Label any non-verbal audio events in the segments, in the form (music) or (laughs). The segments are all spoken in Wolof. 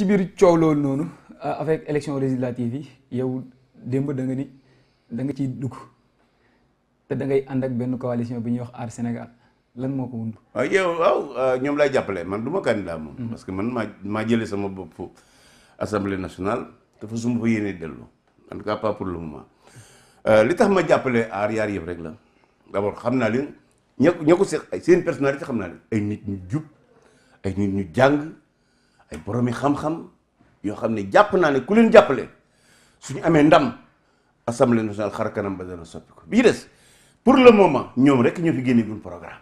ci bir coow nonu euh, avec élection législative yow démb da nga ni da nga ci dug te da ngay ànd ak benn coalition biñ wax ar Sénégal lan moko ko wund ah, yow waaw euh, ñom lay jappalé man duma candidat mom mm-hmm. parce que man ma maa jëlee sama bop fu assemblée nationale te suma sumu yéné delu en tout cas pas pour le moment euh li tax ma jappalé ar yar yëpp rek la d'abord xamna li leen ña ko seen personnalité xamna naa ay nit ñu jup ay nit ñu jang ay yi xam-xam yo xamne japp na ne ku leen jappale suñu amé ndam assemblée nationale xar kanam ba dana soppi ko bii des pour le moment ñom rek ñoo fi génne gun programme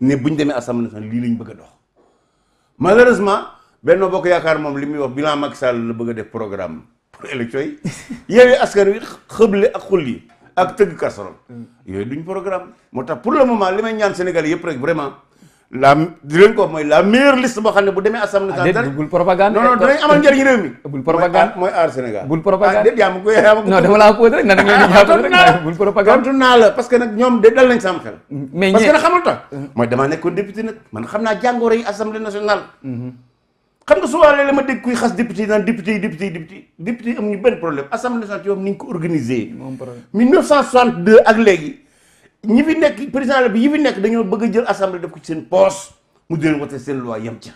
ne buñ démé assemblée nationale li lañ bëgg dox malheureusement benno bokk yaakar mom limi wax bilan Macky Sall la bëgg def programme pour élection yi (laughs) yeewee askan wi xëblé ak xulli ak tëgg kasserol mm. yoy duñ programme motax pour le moment limay ñaan Sénégal yépp rek vraiment la di leen ko mooy la meilleure liste boo xam ne bu demee assemblée ah, nationale bul propagande non non dinañ amal njëriñ réew mi bul propagande mooy aar Sénégal bul propagande ah, déet yaa ma ko yaa ma ko non dama laa posé mm, mm. xam naa jàngoro yi nationale mm-hmm. xam nga su waalee ma dégg kuy xas député naan député député député député yi amuñu benn problème assemblée nationale ci moom ni ñu ko organisé 1962 ak léegi ñi fi nekk président bi yi fi nekk dañoo bëgg jël assemblée def ko ci seen poos mu di leen wote seen loi yem ca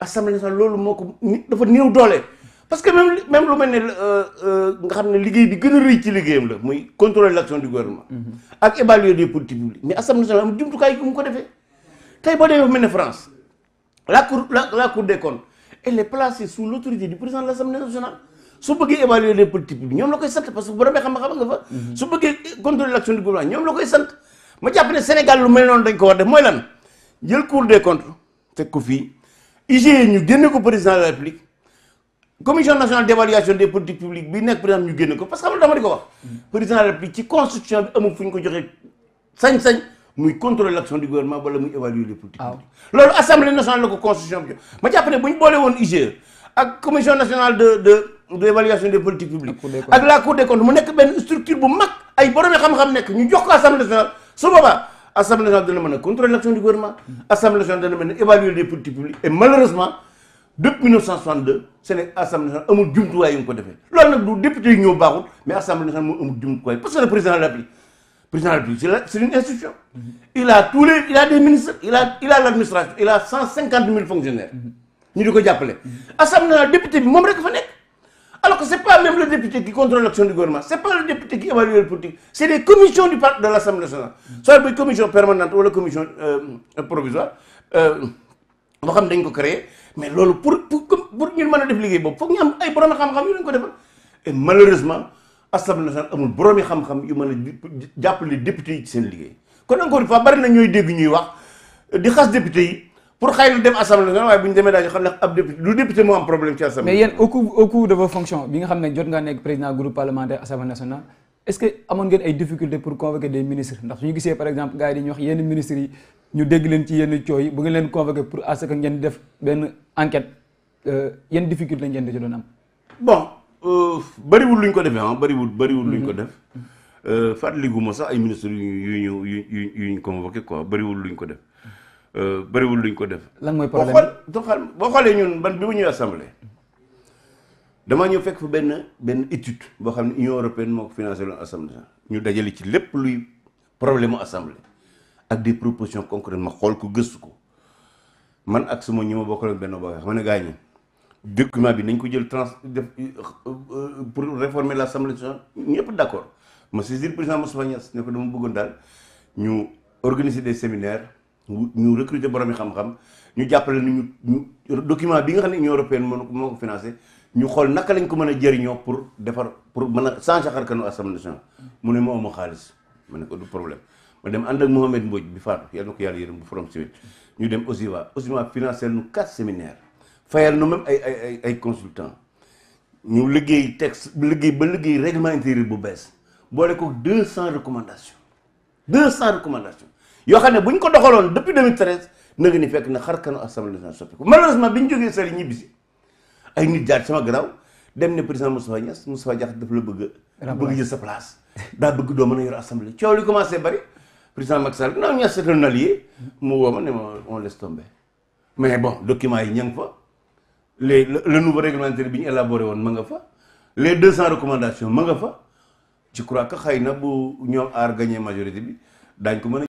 assemblée nationale loolu moo ko dafa néew doole parce que même même lu mel ne euh, euh, nga xam ne liggéey bi gën a rëy ci liggéeyam la muy contrôler l'action du gouvernement. Mm-hmm. ak évaluer des politiques publiques mais assemblée nationale am jumtukaay yu mu ko defee tey boo demee mel ne France la cour la la cour des comptes elle est placée sous l'autorité du président de l'assemblée nationale su bëggee évaluer les politiques publiques ñoom la koy sant parce que bu demee xam-xam nga fa. Mhm. su bëggee contrôler l'action du gouvernement ñoom la koy sant. ma jàpp ne Sénégal lu mel noonu dañ ko war def mooy lan jël cour des comptes teg ko fii IGE ñu génne ko président de la République commission nationale d'évaluation des politiques publiques bi nekk président ñu génne ko parce que xam nga dama di ko wax. Mhm. président de la République ci constitution bi amul fu ñu ko joxee sañ-sañ. muy contrôler l'action du gouvernement wala muy évaluer les politiques publiques loolu assemblée nationale la ko constitution bi ma jàpp ne bu ñu boole woon IGE ak commission nationale de de de l'évaluation des politiques publiques Avec la cour des comptes y a une structure bu est ay borom xam-xam nekk ñu jox ko nationale su boobaa assemblée nationale de contrôler l'action du gouvernement L'Assemblée nationale évalue évaluer les politiques publiques et malheureusement depuis 1962 c'est l'assemblée nationale amul jumtuwaay yu ko defee loolu du député nous au baaxul mais l'Assemblée nationale moo amul jumtuwaay parce que le président de la République président de la c'est une institution il a tous les il a des ministres il a il a l'administration il a 150 000 fonctionnaires ñu di ko appelé. assemblée nationale député il moom alors que ce n'est pas même le député qui contrôle l'action du gouvernement, ce n'est pas le député qui évalue le politique, c'est les commissions du, de l'Assemblée nationale. Soit les commissions permanentes ou les commissions euh, provisoires, euh, on créer, mais pour, pour, pour, pour nous dépliquer, il faut que nous ayons faire. Et malheureusement, l'Assemblée nationale a des problèmes pour appeler les députés qui sont liés. Quand encore une fois, il y a des députés pour xëy na dem assemblée nga waaye bu ñu demee daañu xam ne ab député du député moo am problème ci assemblée. mais yéen au cours au cours bi nga xam ne jot ngaa nekk président groupe parlementaire assemblée nationale est-ce que amoon ngeen ay difficultés pour convoquer des ministres ndax su ñu gisee par exemple gars yi dañuy wax yenn ministres yi ñu dégg leen ci yenn coow yi bu ngeen leen convoquer pour à ce que ngeen def benn enquête euh, yenn difficulté ngeen da ci doon bon euh, bëriwul lu ñu ko defee ah bëriwul bëriwul lu ñu ko mm-hmm. def euh, fàttaligu ma sax ay ministres yu yu ñu yu ñu convoqué lu ñu ko def. Euh, bëriwul luñ ko def. lan mooy problème bi boo xool boo xoolee ñun ban bi mu ñuy assemblée. damaa ñëw fekk fa benn benn étude boo xam ne Union européenne moo ko financé loon assemblée ñu dajale ci lépp luy problème mu assemblée ak des propositions concrètes ma xool ko gëstu ko man ak sama ñi ma bokkaloon benn xam ne gaa document bi nañ ko jël trans def euh, euh, pour réformer l' assemblée nationale ñëpp d' accord ma saisir président Moustapha Niass ne ko dama bëggoon daal ñu organiser des séminaires ñu recruter borom xam-xam ñu jappalé ñu document bi nga xam ne union européenne moo moo ko financer ñu xol naka lañ ko mëna jëriño pour défar pour mëna sans changer kanu assemblée nationale mu ne ma amu xaaliss ma ne ko du problème ma dem and ak Mohamed Mbodj bi faatu yalla ko yalla yërëm bu forum civil ñu dem Osiwa Osiwa financer nu quatre séminaires fayal nu même ay ay ay consultants ñu liggéey texte liggéey ba liggéey règlement intérieur bu bees boole ko 200 recommandations 200 recommandations yoo xam ne bu ñu ko doxaloon depuis 2013 na nga ni fekk na xar kanu assemblée nationale sama gannaaw dem ne président Moustapha Niass Moustapha Diakhaté daf la bëgg a bëgg sa place daa bëgg doo a yor assemblée coow li commencé bari président Macky Sall naaw Niass c'est un allié mu woo ma ne ma on mais bon documents yi ña ngi fa les le nouveau réglementaire bi ñu élaboré woon ma nga fa les deux cent recommandations ma nga fa je crois que xëy na bu ñoom aar gagné majorité bi daañ ko mën a